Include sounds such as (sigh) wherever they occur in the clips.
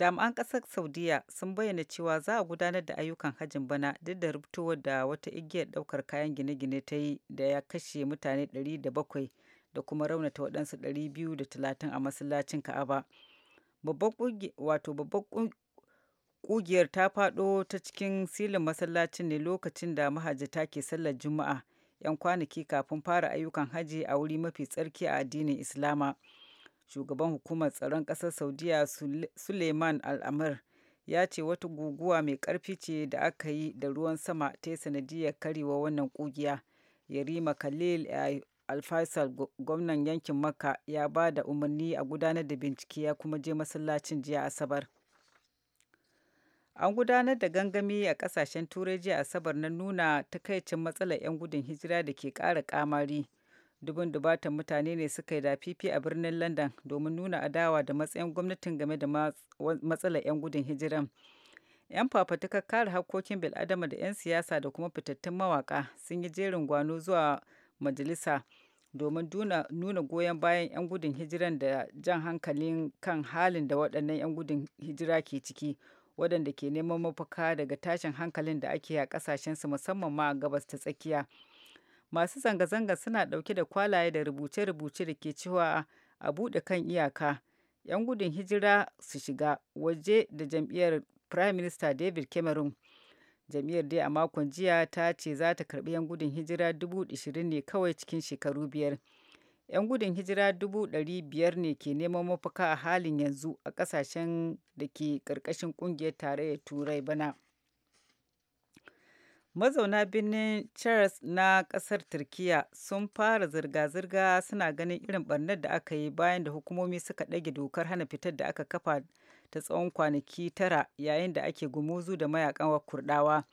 jami'an ƙasar saudiya sun bayyana cewa za a gudanar da ayyukan hajjin bana duk da rubutowar da wata igiyar ɗaukar kayan gine-gine ta yi da ya kashe mutane 700 da kuma raunata waɗansu 230 a masallacin ka'aba wato babban ƙugiyar ta faɗo ta cikin silin masallacin ne lokacin da mahajjata ke sallar juma'a 'yan kwanaki kafin fara ayyukan haji a wuri mafi tsarki a addinin islama shugaban hukumar tsaron ƙasar saudiya suleiman al'amur ya ce wata guguwa mai ƙarfi ce da aka yi da ruwan sama ta sanadiyar karewa wannan kugiya yarima khalil eh, alfaisal gwamnan yankin makka ya ba da umarni a gudanar da bincike ya kuma je masallacin jiya asabar an gudanar da gangami a kasashen turai jiya asabar na nuna takaicin matsalar 'yan gudun hijira da ke ƙara kamari dubun dubatan mutane ne suka yi dafifi a birnin london domin nuna adawa da matsayin gwamnatin game da matsalar 'yan gudun hijiran 'yan fafatukar kare harkokin bil'adama da 'yan siyasa da kuma fitattun mawaka sun yi jerin gwano zuwa majalisa domin nuna goyon bayan 'yan gudun hijiran da jan hankalin kan halin da waɗannan 'yan gudun hijira ke ciki waɗanda ke neman mafaka daga tashin hankalin da ake a ƙasashensu musamman ma a gabas ta tsakiya. masu zanga-zanga suna ɗauke da kwalaye da rubuce-rubuce da ke cewa a buɗe kan iyaka 'yan gudun hijira su shiga waje da jam'iyyar prime minister david cameron jam'iyyar dai a makon jiya ta ce za ta karbi 'yan gudun hijira 20,000 ne kawai cikin shekaru biyar 'yan gudun hijira dubu biyar ne ke neman mafaka a halin yanzu a ƙasashen da ke ƙarƙashin ƙungiyar tarayyar turai bana mazauna birnin Charles na kasar Turkiya sun fara zirga-zirga suna ganin irin barnar da aka yi bayan da hukumomi suka ɗage dokar hana fitar da aka kafa ta tsawon kwanaki tara yayin da ake gumuzu da mayakan kurdawa.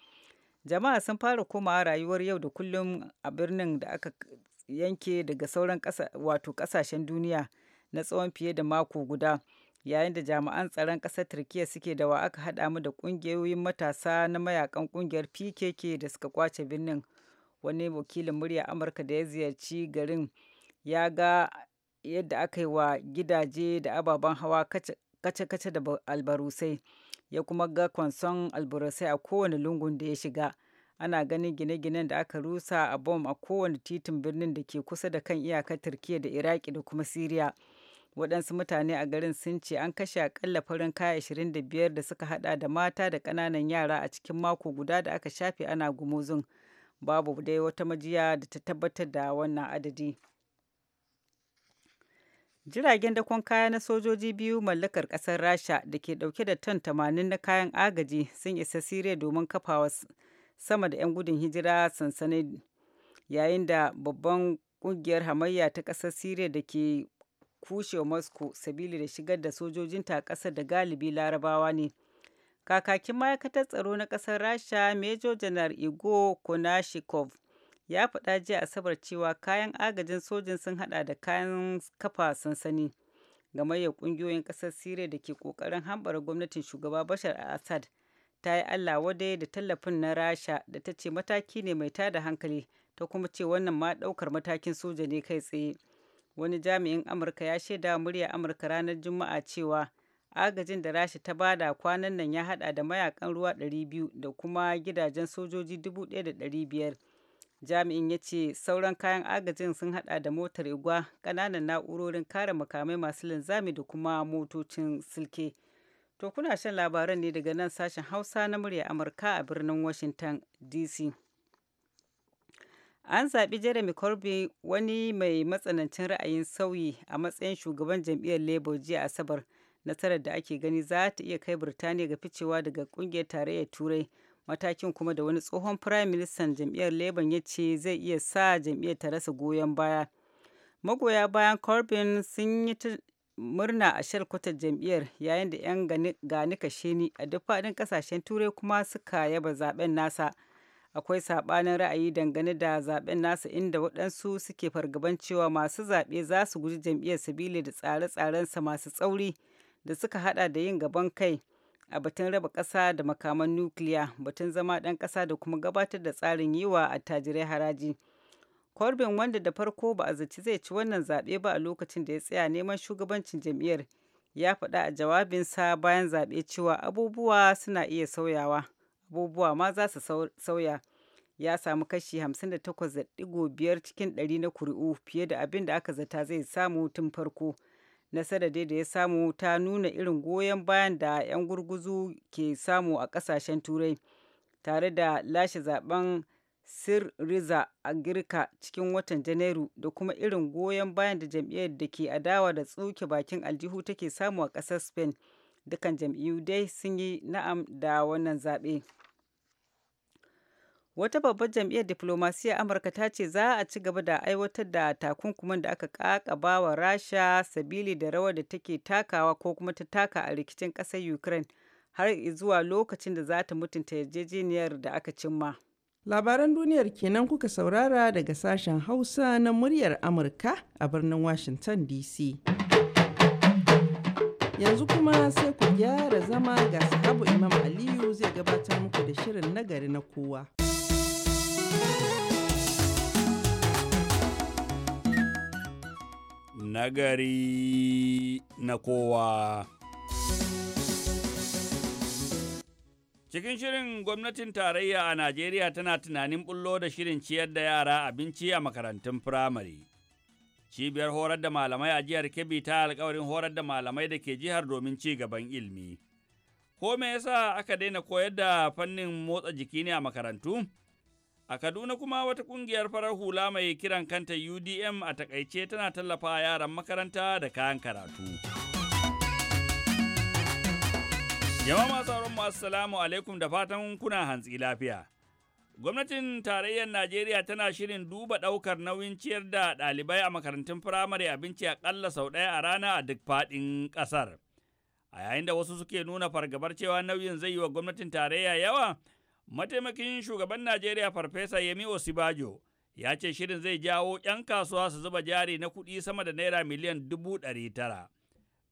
Jama'a sun fara koma rayuwar yau da kullum a birnin da aka yanke daga sauran wato kasashen duniya na tsawon fiye da mako guda. yayin da jami'an tsaron ƙasar turkiya suke da wa aka haɗa mu da ƙungiyoyin matasa na mayakan ƙungiyar pkk da suka kwace birnin wani wakilin murya amurka da ya ziyarci garin ya ga yadda aka yi wa gidaje da ababen hawa kace-kace da albarusai ya kuma ga kwanson albarusai a kowane lungun da ya shiga ana ganin gine-ginen da aka rusa a bom a kowane titin birnin da ke kusa da kan iyakar turkiya da iraki da kuma siriya waɗansu mutane a garin sun ce an kashe akalla farin kaya 25 da suka hada da mata da ƙananan yara a cikin mako guda da aka shafe ana gumuzun babu dai wata majiya da ta tabbatar da wannan adadi jiragen dakon kaya na sojoji biyu mallakar ƙasar rasha da ke ɗauke da ton tamanin na kayan agaji sun isa siriya domin kafawa sama da 'yan gudun hijira sansanin yayin da babban ƙungiyar hamayya ta ƙasar siriya da ke kushewa moscow sabili da shigar da sojojinta a ƙasar da galibi larabawa ne kakakin ma'aikatar tsaro na ƙasar rasha major janar Igo konashikov ya faɗa jiya asabar cewa kayan agajin sojin sun hada da kayan kafa sansani gamayyar ƙungiyoyin ƙasar siriya da ke ƙoƙarin hambara gwamnatin shugaba bashar al-assad ta yi allah wadai da tallafin na rasha da ta ce mataki ne mai tada hankali ta kuma ce wannan ma ɗaukar matakin soja ne kai tsaye wani jami'in amurka ya shaida murya amurka ranar juma'a cewa agajin da Rashi ta bada kwanan nan ya hada da mayakan ruwa 200 da kuma gidajen sojoji 1,500 jami'in ya ce sauran kayan agajin sun hada da motar igwa kananan na'urorin kare makamai masu linzami da kuma motocin silke to kuna shan labaran ne daga nan sashen hausa na murya amurka a birnin washington dc An zaɓi Jeremy Corbyn wani mai matsanancin ra'ayin sauyi a matsayin shugaban jam'iyyar Labour jiya Asabar, nasarar da ake gani za ta iya kai Birtaniya ga ficewa daga ƙungiyar tarayyar Turai, matakin kuma da wani tsohon Firayim Ministan jam'iyyar Labour ya ce zai iya sa jam'iyyar ta rasa goyon baya. Magoya bayan Corbyn sun yi ta murna a shalkwatar jam'iyyar yayin da 'yan gani kashe ni a duk faɗin ƙasashen Turai kuma suka yaba zaben nasa. akwai saɓanin ra'ayi dangane da zaɓen nasa inda waɗansu suke fargaban cewa masu zaɓe za su guji jam'iyyar sabili da tsare-tsarensa masu tsauri da suka hada da yin gaban kai a batun raba ƙasa da makaman nukiliya batun zama ɗan ƙasa da kuma gabatar da tsarin yiwa a tajirai haraji corbyn wanda da farko ba a zaci zai ci wannan zaɓe ba a lokacin da ya tsaya neman shugabancin jam'iyyar ya faɗa a jawabinsa bayan zaɓe cewa abubuwa suna iya sauyawa abubuwa ma za su sauya ya samu kashi 58.5 cikin 100 na kuri'u fiye da abin da aka zata zai samu tun farko nasarar da ya samu ta nuna irin goyon bayan da 'yan gurguzu ke samu a kasashen turai tare da lashe zaben siriza a girka cikin watan janairu da kuma irin goyon bayan da jam'iyyar da ke adawa da tsuke bakin aljihu take samu a ƙasar spain dukan jam'iyyu dai sun yi na'am da wannan zaɓe. wata babbar jam'iyyar diflomasiyyar amurka ta ce za a ci gaba da aiwatar da takunkuman da aka kakaba wa rasha sabili da rawar da take takawa ko kuma ta taka a rikicin ƙasar ukraine har zuwa lokacin da za ta mutunta yarjejeniyar da aka cimma labaran duniyar kenan kuka saurara daga sashen hausa na muryar amurka a birnin washington dc yanzu kuma sai ku gyara zama ga sahabu imam aliyu zai gabatar muku da shirin nagari na kowa nagari na kowa. Cikin shirin gwamnatin tarayya a Najeriya tana tunanin bullo da shirin ciyar da yara abinci a makarantun firamare. Cibiyar horar da malamai a jihar Kebbi ta alkawarin horar da malamai da ke jihar domin ci gaban ilimi. Ko me yasa aka daina koyar da fannin motsa jiki ne a makarantu? A Kaduna kuma wata ƙungiyar farar hula mai kiran kanta UDM a takaice tana tallafa yaran makaranta da kayan karatu. Jama'a masu sauran masu salamu alaikum da fatan kuna hantsi lafiya. Gwamnatin tarayyar Najeriya tana shirin duba ɗaukar nauyin ciyar da ɗalibai a makarantun firamare abinci a aƙalla sau ɗaya a rana a duk faɗin ƙasar. A yayin da wasu suke nuna fargabar cewa nauyin zai yi wa gwamnatin tarayya yawa, Mataimakin shugaban Najeriya Farfesa Yemi Osibajo ya ce shirin zai jawo ‘yan kasuwa su zuba jari na kuɗi sama da Naira miliyan dubu ɗari tara.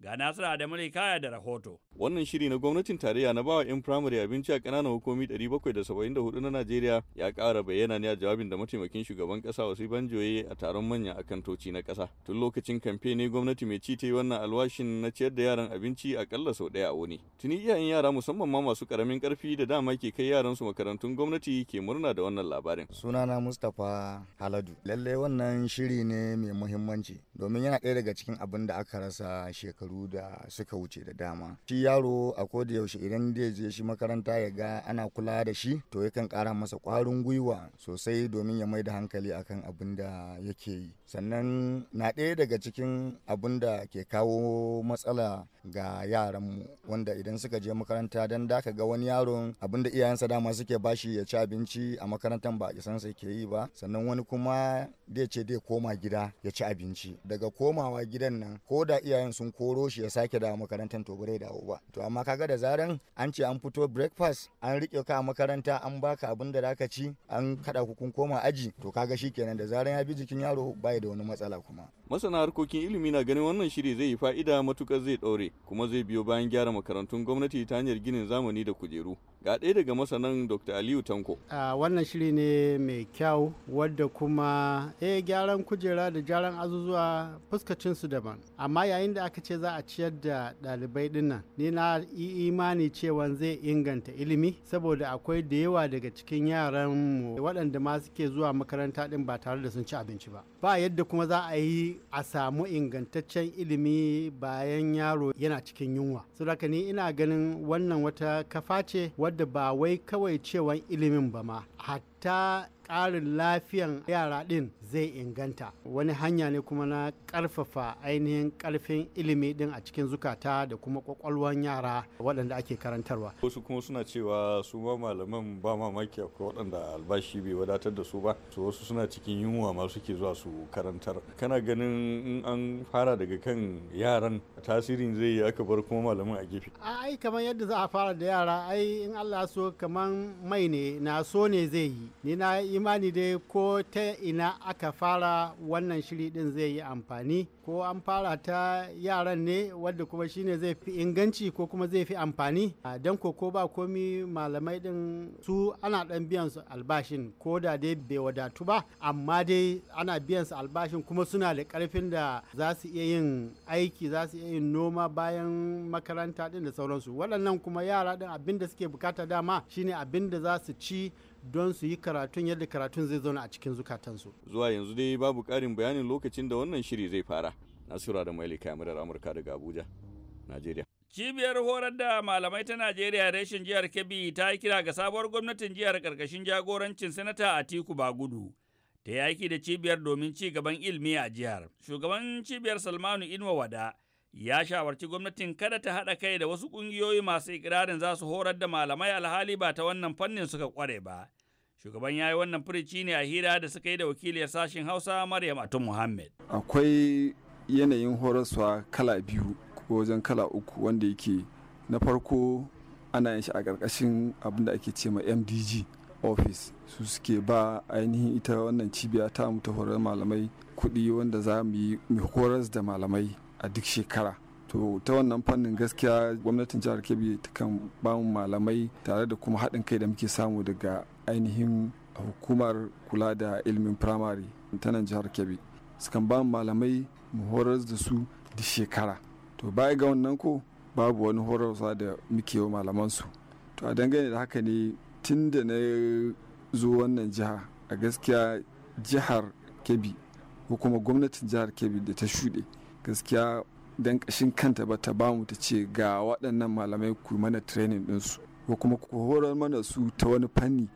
Ga Nasiru Adamu kaya da rahoto. Wannan shiri na gwamnatin tarayya na bawa 'yan firamare abinci a ƙananan hukumi 774 na Najeriya ya ƙara bayyana ne a jawabin da mataimakin shugaban ƙasa wasu banjoye a taron manya a toci na kasa Tun lokacin kamfe ne gwamnati mai ci ta yi wannan alwashin na ciyar da yaran abinci a kalla sau ɗaya a wuni. Tuni iyayen yara musamman ma masu ƙaramin ƙarfi da dama ke kai yaran su makarantun gwamnati ke murna da wannan labarin. Sunana Mustapha Haladu. Lallai wannan shiri ne mai muhimmanci domin yana ɗaya daga cikin abin da aka rasa shekaru shekaru da suka wuce da dama shi yaro a koda yaushe idan zai je shi makaranta ya ga ana kula da shi to yakan kara masa kwarin gwiwa sosai domin ya mai da hankali akan abin da yake yi sannan na ɗaya daga cikin abun da ke kawo matsala ga yaranmu wanda idan suka je makaranta don da ga wani yaron abin da iyayensa dama suke bashi ya ci abinci a makarantar ba a sa ke yi ba sannan wani kuma dai ce dai koma gida ya ci abinci daga komawa gidan nan ko da iyayen sun koro shi ya sake dawo makarantar to bai dawo ba to amma kaga da zaran an ce an fito breakfast an rike ka a makaranta an baka abin da zaka ci an kada ku kun koma aji to kaga shikenan da zaran ya bi jikin yaro ba da wani matsala kuma masana harkokin ilimi na ganin wannan shiri zai yi fa'ida matukar zai ɗaure kuma zai biyo bayan gyara makarantun gwamnati ta hanyar ginin zamani da kujeru ga ɗaya daga masanan dr aliyu tanko a wannan shiri ne mai kyau wadda kuma eh gyaran kujera da gyaran azuzuwa fuskacin su daban amma yayin da aka ce za a ciyar da ɗalibai dinnan ni na imani cewa zai inganta ilimi saboda akwai da yawa daga cikin yaran mu waɗanda ma suke zuwa makaranta din ba tare da sun ci abinci ba ba yadda kuma za a yi a samu ingantaccen ilimi bayan yaro yana cikin yunwa saboda ni ina ganin wannan wata kafa ce wadda ba wai kawai cewan ilimin ba ma hatta ƙarin lafiyan yara ɗin zai inganta wani hanya ne kuma na karfafa ainihin ƙarfin ilimi ɗin a cikin zukata da kuma kwakwalwan yara waɗanda ake karantarwa wasu kuma suna cewa su ma malaman ba mamaki akwai waɗanda albashi bai wadatar da su ba su wasu suna cikin yunwa ma suke zuwa su karantar kana ganin in an fara daga kan yaran tasirin zai yi aka bar kuma malaman a gefe ai kamar yadda za a fara da yara ai in Allah so kamar mai ne na so ne zai yi ni na imani dai ko ta ina aka fara wannan shiri din zai yi amfani ko an fara ta yaran ne wadda kuma shine zai fi inganci ko kuma zai fi amfani don ko ba komi malamai din su ana dan biyan su albashin ko da dai bai wadatu ba amma dai ana biyan su albashin kuma suna da karfin da za su iya yin aiki za su iya yin noma bayan makaranta din da sauransu waɗannan kuma yara din abin da suke bukata dama shine abin da za su ci don su yi karatun yadda karatun zai zauna a cikin zukatansu zuwa yanzu dai babu ƙarin bayanin lokacin da wannan shiri zai fara nasura da maili kamarar amurka daga abuja najeriya Cibiyar horar da malamai ta Najeriya reshen jihar Kebbi ta yi kira ga sabuwar gwamnatin jihar karkashin jagorancin Sanata a Atiku Bagudu. Ta yaki da cibiyar domin ci gaban ilimi a jihar. Shugaban cibiyar Salmanu Inuwa Wada ya shawarci gwamnatin kada ta haɗa kai da wasu ƙungiyoyi masu ikirarin za su horar da malamai alhali ba ta wannan fannin suka ƙware ba. Shugaban ya yi wannan firici ne a hira da suka yi da wakiliyar sashen Hausa Maryam Atun Muhammad. Akwai yanayin horaswa kala biyu ko wajen kala uku wanda yake na farko ana yin shi a ƙarƙashin abin da ake ce ma MDG office su suke ba ainihin ita wannan cibiya ta mu horar malamai kuɗi wanda za mu yi horas da malamai a duk shekara to ta wannan fannin gaskiya gwamnatin jihar kebbi kan bamu malamai tare da kuma haɗin kai da muke samu daga ainihin hukumar kula da ilimin firamare ta nan jihar kebbi sukan bamu malamai mu horar da su duk shekara to baya ga wannan ko babu wani horarwa da muke wa su to a dangane da haka ne tun da na zo wannan jiha a gaskiya jihar kebbi ko kuma gwamnatin jihar kebbi da ta shuɗe gaskiya dan kashin kanta ba ta bamu ta ce ga waɗannan malamai ku mana training ɗinsu ko kuma ku horar mana su ta wani fanni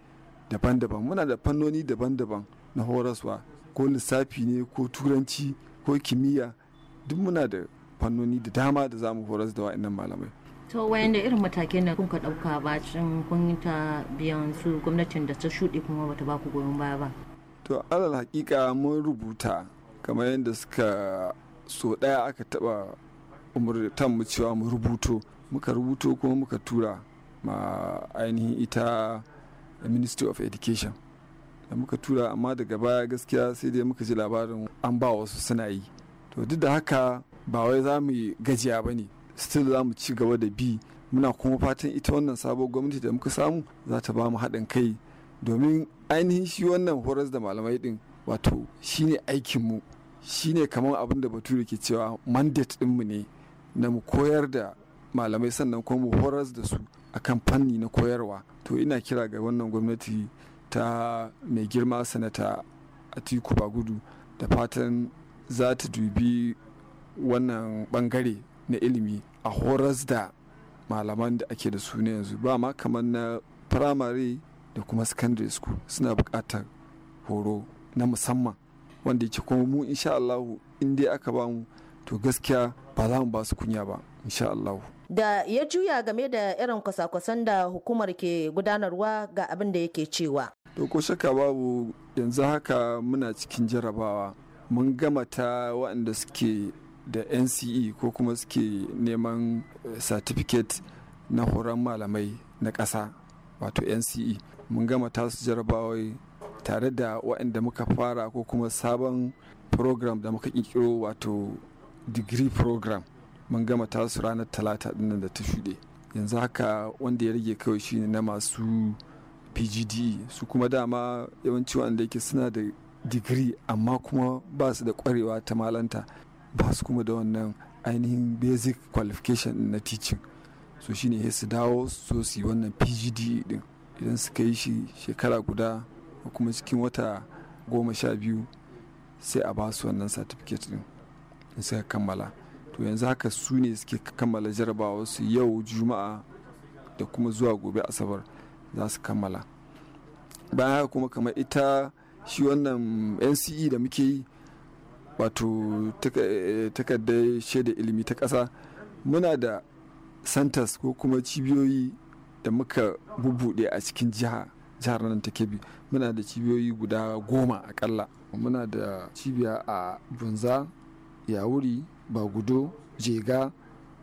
daban-daban muna da fannoni daban-daban na horaswa ko lissafi ne ko turanci ko kimiyya duk muna da fannoni da dama da za mu horas da waɗannan malamai to wayan da irin matakin da kuka ɗauka bacin kun ta biyan su gwamnatin da ta shuɗe kuma bata ba ku goyon baya ba to alal hakika mun rubuta kamar yadda suka so ɗaya aka taɓa umurtan mu cewa mu rubuto muka rubuto kuma muka tura ma ainihin ita ministry of education da muka tura amma daga baya gaskiya sai dai muka ji labarin an ba wasu suna yi to duk da haka ba wai za mu gajiya ba ne still za mu ci gaba da bi muna kuma fatan ita wannan sabon gwamnati da muka samu za ta ba mu haɗin kai domin ainihin shi wannan horas da malamai ɗin wato shine aikinmu shine kamar abin da bature ke cewa mandate mu ne na mu koyar da malamai sannan kuma mu horas da su akan fanni na koyarwa to ina kira ga wannan gwamnati ta mai girma sanata atiku gudu da fatan za ta dubi wannan bangare na ilimi a horas da malaman da ake da su na yanzu ba ma kamar na firamare da kuma secondary school suna bukatar horo na musamman wanda yake kuma mu insha Allah in dai aka ba mu to gaskiya ba za mu ba su kunya ba insha Allah da ya juya game da irin kwasa-kwasan da hukumar ke gudanarwa ga abin da yake cewa to ko shaka babu yanzu haka muna cikin jarabawa mun gama ta waɗanda suke da nce ko kuma suke neman eh, certificate na horon malamai na ƙasa wato nce mun gama tasu jarabawai tare da waɗanda muka fara ko kuma sabon program da muka kirkiro wato degree program mun gama tasu ranar talata dinnan da ta shuɗe yanzu haka wanda ya rage kawai shine na masu pgd e. su kuma dama yawanci wanda yake suna da digiri amma kuma ba su da kwarewa ta malanta ba su kuma da wannan ainihin basic qualification na teaching so shine su dawo so su yi wannan pgd din e idan suka yi shi shekara guda kuma cikin wata goma sha biyu sai a ba su wannan certificate din in suka kammala to yanzu haka su ne suke kammala jarabawa su yau juma'a da kuma zuwa gobe asabar za su kammala bayan haka kuma kamar ita shi wannan nce da muke yi wato eh, takardar shaida ilimi ta ƙasa muna da santas ko kuma cibiyoyi da muka bubuɗe a cikin jiha jihar nan ta kebi muna da cibiyoyi guda goma akalla muna da cibiya a bunza yawuri bagudo jega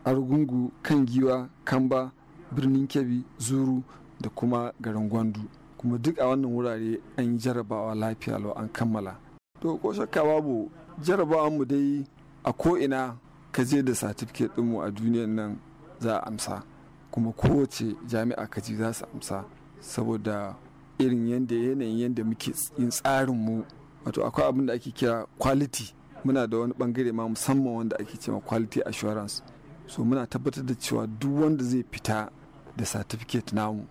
argungu kan giwa kamba birnin kebi zuru da kuma garin gwandu kuma duk a wannan wurare an yi jarabawa lafiya lau an kammala to ko shakka babu jarabawan mu dai a ko ina ka je da satifiket ɗinmu a duniyan nan za a amsa kuma kowace jami'a kaji za su amsa saboda irin yadda yanayin yadda muke yin tsarin mu wato akwai abin da ake kira quality muna da wani bangare ma musamman wanda ake cewa quality assurance so muna tabbatar da cewa duk wanda zai fita da certificate namu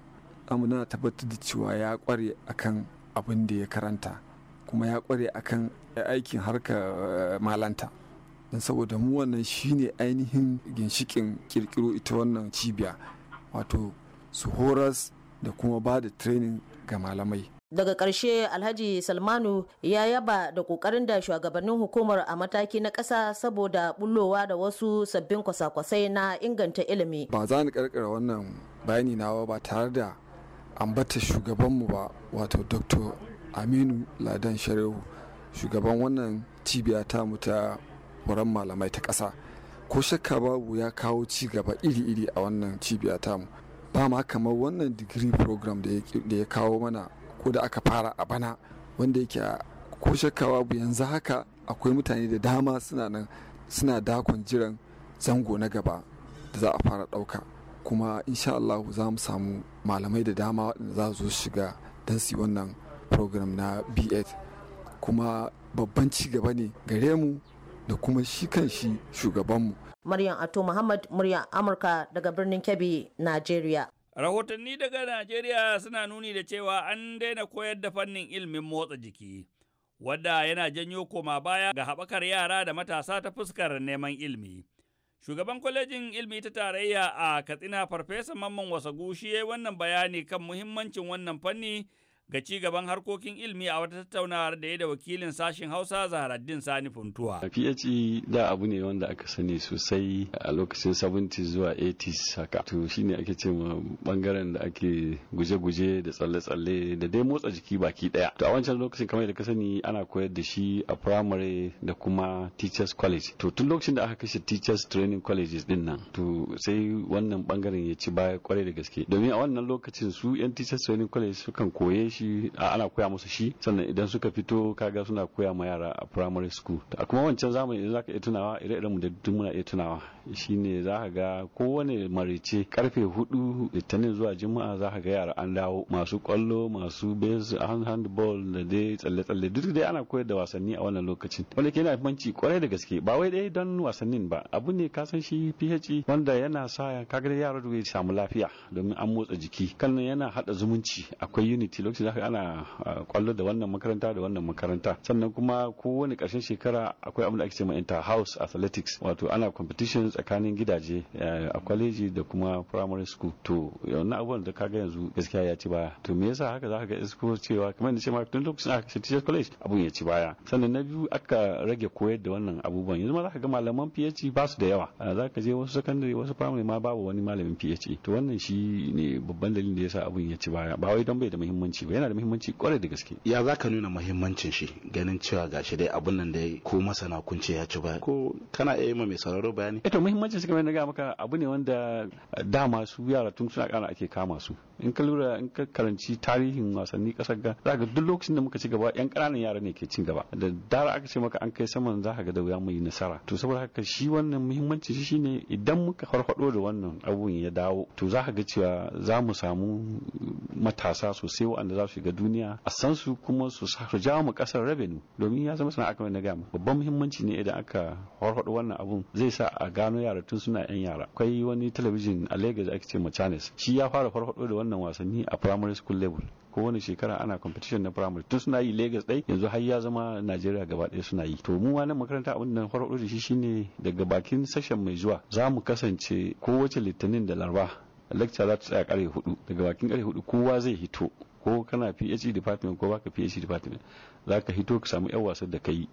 amma muna tabbatar da cewa ya kware akan abin da ya karanta kuma ya kware akan aikin harka eh, malanta don saboda mu wannan shine ainihin ginshikin kirkiro ita wannan cibiya wato su horas da kuma ba da training ga malamai. Daga karshe Alhaji Salmanu ya yaba da ƙoƙarin da shugabannin hukumar a mataki na ƙasa saboda bullowa da wasu sabbin kwasa-kwasai na inganta ilimi. Ba za ni karkara wannan bayani nawa ba tare da ambata shugabanmu ba wato Dr. Aminu Ladan Sharehu shugaban wannan cibiya ta mu ta horon malamai ta ƙasa. Ko shakka babu ya kawo ci gaba iri-iri a wannan cibiya tamu. ba ma kamar wannan digiri program da ya kawo mana ko da aka fara a bana wanda yake ko shakawa bu yanzu haka akwai mutane da dama suna nan suna dakon jiran zango na gaba da za a fara ɗauka kuma insha Allah za mu samu malamai da dama waɗanda za su shiga don su wannan program na b kuma babban ci gaba ne gare mu da kuma shi kan shi shugaban mu. Maryam Ato Muhammad muryar Amurka daga birnin Kebbi, Najeriya. Rahotanni daga Najeriya suna nuni da cewa an daina koyar da fannin ilmin motsa jiki, wadda yana janyo koma baya ga haɓakar yara da matasa ta fuskar neman ilmi Shugaban kwalejin Ilmi ta tarayya a Katsina Farfesa Mamman Wasagu shi ya wannan bayani kan muhimmancin wannan fanni ga ci gaban harkokin ilimi a wata tattaunawar da ya da wakilin sashen Hausa Zaharaddin Sani Funtuwa. PhD e da abu ne wanda aka sani sosai a lokacin 70 zuwa 80 haka. To shine ake ce ma bangaren da ake guje-guje da tsalle-tsalle da dai motsa jiki baki daya. To a wancan lokacin kamar da ka sani ana koyar da shi a primary da kuma teachers college. To tun lokacin da aka kashe teachers training colleges din nan. To sai wannan bangaren ya ci baya kwarai da gaske. Domin a wannan lokacin su 'yan teachers training college sukan koye shi shi ana koya musu shi sannan idan suka fito kaga suna koya ma yara a primary school a kuma wancan zamani idan zaka iya tunawa ire iren mu da duk muna iya tunawa shine zaka ga kowane marice karfe hudu litinin zuwa juma'a zaka ga yara an dawo masu kwallo masu base handball da dai tsalle tsalle duk dai ana koyar da wasanni a wannan lokacin wanda ke yana banci kwarai da gaske ba wai dai don wasannin ba abu ne ka san shi PHE wanda yana sa kaga yara da samu lafiya domin an motsa jiki kannan yana hada zumunci akwai unity lokacin zaka ana ah, kwallo da wannan makaranta da wannan makaranta sannan kuma kowane karshen shekara akwai abin da ake cewa inter house athletics wato ana competition tsakanin gidaje eh, a college da kuma primary school to wannan abubuwan da kaga yanzu gaskiya ya ci baya to me yasa haka zaka ka ga isko cewa kamar da ce ma tun lokacin aka ce college abun ya ci baya sannan na biyu aka rage koyar da wannan abubuwan yanzu ma za ga malaman PhD ba su da yawa ah, za ka je wasu secondary wasu primary ma babu wani malamin PhD to wannan shi ne babban dalilin da yasa abun ya ci baya ba wai don bai da muhimmanci ba yana da muhimmanci kwarai da gaske ya za ka nuna muhimmancin shi ganin cewa gashi dai abun nan da ko masana kun ce ya ci ba ko kana iya ma mai sauraro bayani eto eh muhimmancin su kamar na ga maka abu ne wanda dama su yara tun suna kana ake kama su in ka lura in ka karanci tarihin wasanni kasar ga za ka duk lokacin da muka ci gaba yan kananan yara ne ke cin gaba da dara aka ce maka an kai saman za ka ga da wuya mai nasara to saboda haka shi wannan muhimmanci shi shine idan muka farfado da wannan abun ya dawo to za ka ga cewa za mu samu matasa sosai waɗanda za su shiga duniya a san su kuma su jawo mu kasar rabenu domin ya zama sana'a kamar na gama babban muhimmanci ne idan aka harhaɗo wannan abun zai sa a gano yara tun suna yan yara akwai wani talabijin a Lagos ake ce Machanes shi ya fara farfaɗo da wannan wasanni a primary school level kowane shekara ana competition na primary tun suna yi Lagos dai yanzu har ya zama Najeriya gaba ɗaya suna yi to mu ma nan makaranta abin da farko da shi shine daga bakin session mai zuwa za mu kasance kowace litinin da laraba lecture za ta tsaya kare hudu daga bakin kare hudu kowa zai hito ko kana PhD department ko baka PhD department za ka hito ka samu yan wasan da ka yi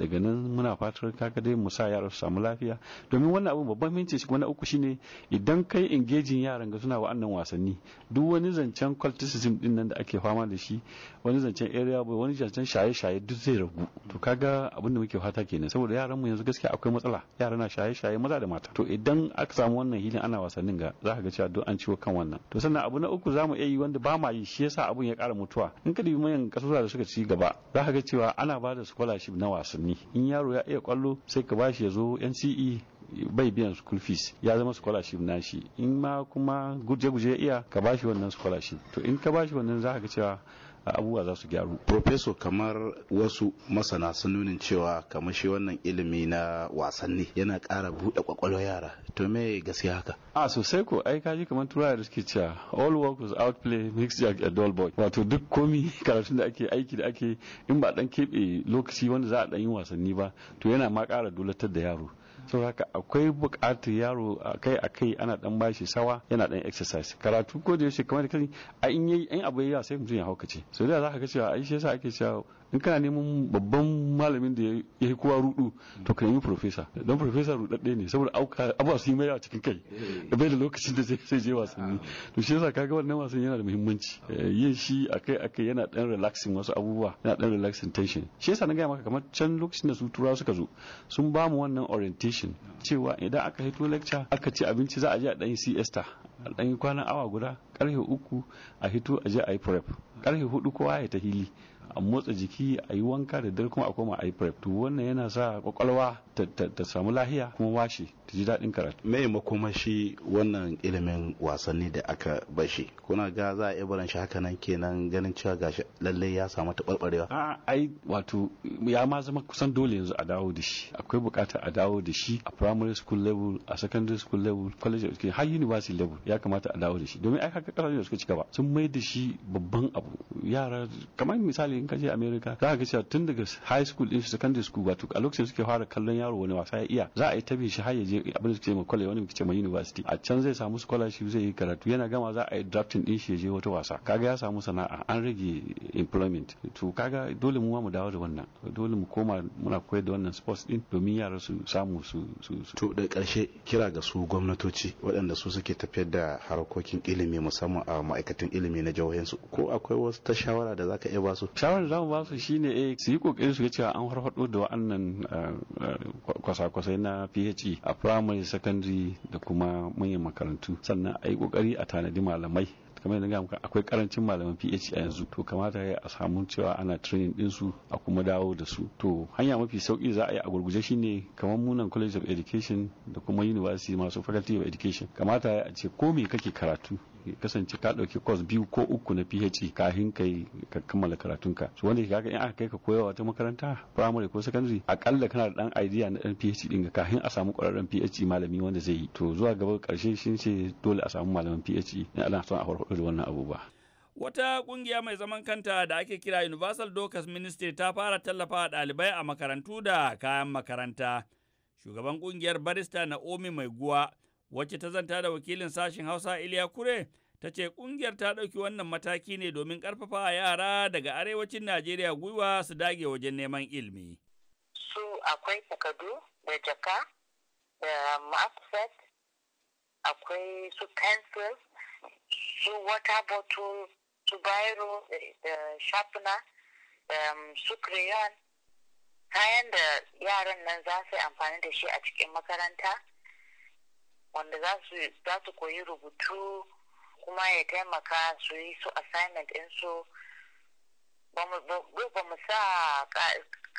daga nan muna fatar kaga dai mu sa yara su samu lafiya domin wannan abun babban minti shi wani uku shine idan kai engaging yaran ga suna wa'annan wasanni duk wani zancen cultism din nan da ake fama da shi wani zancen area boy wani zancen shaye-shaye duk zai ragu to kaga abin da muke fata kenan saboda yaran mu yanzu gaskiya akwai matsala yara na shaye-shaye maza da mata to idan aka samu wannan hilin ana wasannin ga za ka ga cewa duk an ciwo kan wannan to sannan abu na uku za mu iya yi wanda ba ma yi shi yasa abun ya kara mutuwa in ka dubi mayan kasuwa da suka ci gaba za ka ga cewa ana ba da scholarship na wasanni ne in yaro ya iya kwallo sai ka bashi ya zo NCE bai biyan school fees ya zama scholarship na shi in ma kuma guje-guje ya iya ka bashi wannan scholarship to in ka bashi wannan za ka cewa abubuwa za su gyaru Profeso kamar wasu masana sun nunin cewa kamar shi wannan ilimi na wasanni yana ƙara buɗe ƙwaƙwalwar yara to me gaskiya haka a ah, sosai ko ai kaji kamar turawa da suke cewa all work was outplay mix jack a dull boy wato duk komi (laughs) karatun da ake aiki da ake in ba dan keɓe lokaci wanda za a ɗan yi wasanni ba to yana ma ƙara dolatar da yaro saboda haka akwai buƙatar yaro akai akai ana dan bashi sawa yana dan exercise karatu ko da yaushe kamar kai an yi yayi abu sai mutum ya haukace so da zaka ga cewa ai shi yasa ake cewa in kana neman babban malamin da ya yi kowa rudu to ka yi profesa don profesa rudadde ne saboda abuwa su yi mai a cikin kai da eh. bai da lokacin da zai je wasanni ah. to shi yasa ga wannan wasan yana da muhimmanci ah. eh, yin shi akai akai yana dan relaxing wasu abubuwa yana dan relaxing tension shi yasa na gaya maka kamar can lokacin da su tura suka zo sun ba mu wannan orientation cewa idan aka hito lecture aka ci abinci za a je a dan yi siesta a dan yi kwanan awa guda karfe uku a hito a je a yi prep karfe hudu kowa ya ta hili a motsa jiki a yi wanka da dare kuma a koma a yi prep to wannan yana sa kwakwalwa ta samu lahiya kuma washe ta ji daɗin karatu me makomashi wannan ilimin wasanni da aka bashi kuna ga za a iya barin shi haka nan kenan ganin cewa gashi lalle ya samu taɓarɓarewa a ai wato ya ma zama kusan dole yanzu a dawo da shi akwai bukata a dawo da shi a primary school level a secondary school level college of education har university level ya kamata a dawo da shi domin ai haka ƙasashen da suka ci gaba sun mai da shi babban abu yara kamar misali in ka je America za ka ga cewa tun daga high school din secondary school wato a lokacin suke fara kallon yaro wani wasa ya iya za a yi tabi shi har ya je abin da suke ma college wani suke ma university a can zai samu scholarship zai yi karatu yana gama za a yi drafting din shi ya je wata wasa kaga ya samu sana'a an rage employment to kaga dole mu ma mu dawo da wannan dole mu koma muna koyar da wannan sports din domin yara su samu su su to da karshe kira ga su gwamnatoci waɗanda su suke tafiyar da harkokin ilimi musamman a ma'aikatan ilimi na jihohinsu ko akwai wasu ta shawara da za ka iya ba su shawarar za mu ba su shi ne eh, su yi kokarin su ga cewa an farfado da wa'annan eh, eh, kwasa-kwasai na PHE a primary secondary da kuma manyan makarantu sannan a yi kokari a tanadi malamai kamar yadda muka akwai karancin malaman PH e a yanzu to kamata a samu cewa ana training din su a kuma dawo da su to hanya mafi sauki za a yi a gurguje shine kamar munan College of Education da kuma University masu Faculty of Education kamata a ce ko me kake karatu kasance ka dauki course biyu ko uku na PhD kafin kai ka kammala karatun ka so wanda kaga in aka kai ka koyawa wata makaranta primary ko secondary akalla kana da dan idea na dan PhD din kafin a samu kwararren PhD malami wanda zai yi to zuwa gaba karshe shin ce dole a samu malamin PhD in Allah son a farfado da wannan abubuwa Wata kungiya mai zaman kanta da ake kira Universal Doctors Ministry ta fara tallafa wa ɗalibai a makarantu da kayan makaranta. Shugaban kungiyar barista Naomi Mai Guwa wacce ta zanta da wakilin sashen Hausa Iliya Kure ta ce kungiyar ta ɗauki wannan mataki ne domin ƙarfafa yara daga arewacin Najeriya gwiwa su dage wajen neman ilimi. Su akwai takardu da jaka da mafset akwai su pencil su water bottle su biro da sharpener um, su crayon kayan da yaran nan za su yi amfani da shi a cikin makaranta. wanda za su koyi rubutu kuma ya taimaka su yi su assignment su ba mu sa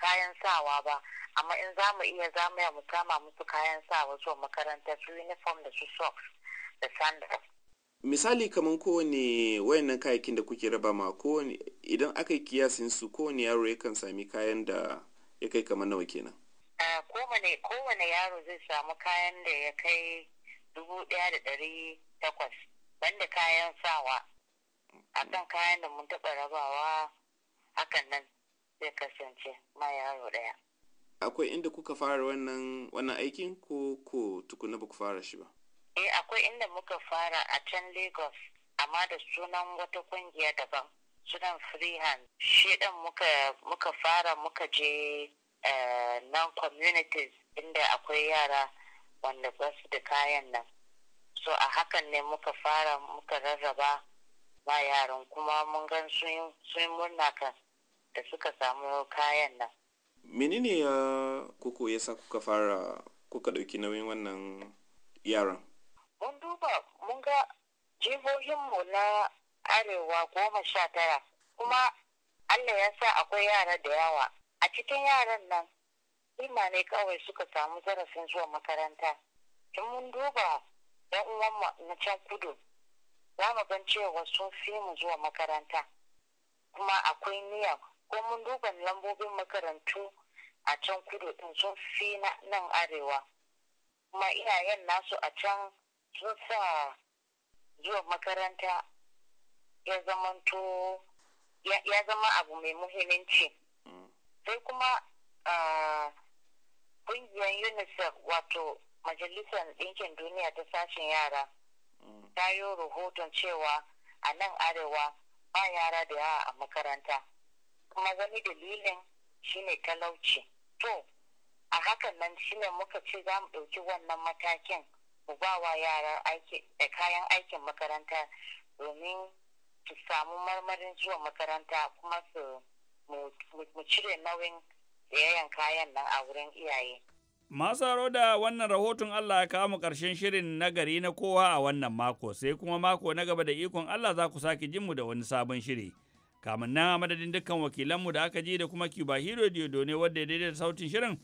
kayan sawa ba amma in za mu iya za mu ya mu musu kayan sawa zuwa makaranta su uniform da su socks da sandals misali kamar kowane wayannan kayakin da kuke raba ma kowane idan aka yi kiyasin su kowane yaro yakan sami kayan da ya kai kamar nawa kenan eh, kowane yaro zai samu kayan da ya kai dubu ɗaya da ɗari takwas banda kayan sawa akan kayan da mun taɓa rabawa hakan nan zai kasance ma yaro ɗaya akwai inda kuka fara wannan aikin ko ko tukuna ba ku fara shi ba eh akwai inda muka fara a can lagos amma da sunan wata kungiya daban sunan freehand shi ɗan muka muka fara muka je eh, non communities inda akwai yara wanda ba su da kayan nan so a hakan ne muka fara muka rarraba ba yaran kuma mun gan sun murna kan da suka samu kayan nan menene ya kuku ya sa kuka fara kuka ɗauki nauyin wannan yaran mun duba mun ga jihohinmu na arewa goma sha tara kuma allah ya sa akwai yara da yawa a cikin yaran nan al'umma ne kawai suka samu zarafin zuwa makaranta in mun duba yan uwan na can kudu za mu gan cewa sun fi mu zuwa makaranta kuma akwai niyya ko mun duba lambobin makarantu a can kudu din sun fi nan arewa kuma iyayen nasu a can sun sa zuwa makaranta ya to ya zama abu mai muhimmanci mm. sai kuma ah, ƙungiyar unicef wato majalisar ɗinkin duniya ta sashen yara mm. ta yi rahoton cewa a nan arewa ba yara da yawa a makaranta kuma wani dalilin shine talauci to a hakan nan shine muka ce za mu ɗauki wannan matakin mu ba wa yara da kayan aikin makaranta domin su samu marmarin zuwa makaranta kuma su mu cire nauyin yayan kayan nan a wurin iyaye. Masu da wannan rahoton Allah ya kawo mu ƙarshen shirin na gari na kowa a wannan mako sai kuma mako na gaba da ikon Allah za ku sake jin mu da wani sabon shiri. Kamun nan a madadin dukkan wakilanmu da aka ji da kuma Cuba Hero ne wadda ya daidaita sautin shirin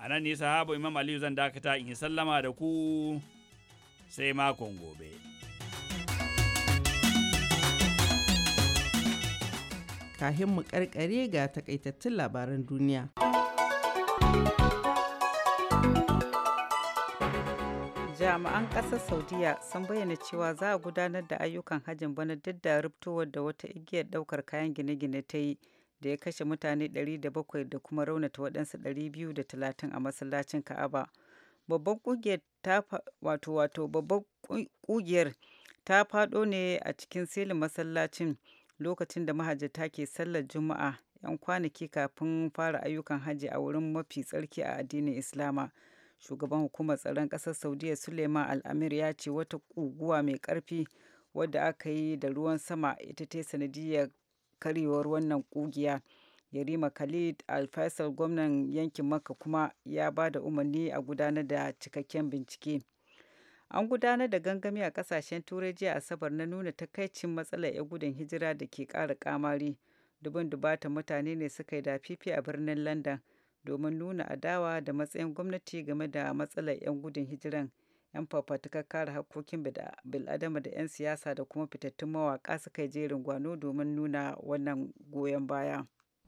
a nan ne sahaba Imam Aliyu zan dakata in yi sallama da ku sai makon gobe. kahin mu karkare ga takaitattun labaran duniya. jami'an ƙasar saudiya sun bayyana cewa za a gudanar da ayyukan hajjin bana duk da rubtowar da wata igiyar ɗaukar kayan gine-gine ta yi da ya kashe mutane 700 da kuma raunata waɗansu 230 a masallacin ka'aba babban ƙugiyar ta wato wato babban ƙugiyar ta faɗo ne a cikin silin masallacin lokacin da mahajjata ke sallar juma'a 'yan kwanaki kafin fara ayyukan hajji a wurin mafi tsarki a addinin islama shugaban hukumar tsaron ƙasar saudiya suleiman al'amir ya ce wata guguwa mai ƙarfi wadda aka yi da ruwan sama ita ta sanadiyar karyewar wannan ƙugiya yarima khalid alfaisal gwamnan yankin makka kuma ya ba da umarni a gudanar da cikakken bincike An gudanar da gangami a kasashen Turai jiya Asabar na nuna takaicin matsalar 'yan gudun hijira da ke kara kamari. Dubin dubatan mutane ne suka yi dafifi a birnin London domin nuna adawa da matsayin gwamnati game da matsalar 'yan gudun hijiran. 'Yan fafatukar kare hakokin bil'adama da 'yan siyasa da kuma fitattun mawaka suka yi jerin gwano domin nuna wannan goyon baya.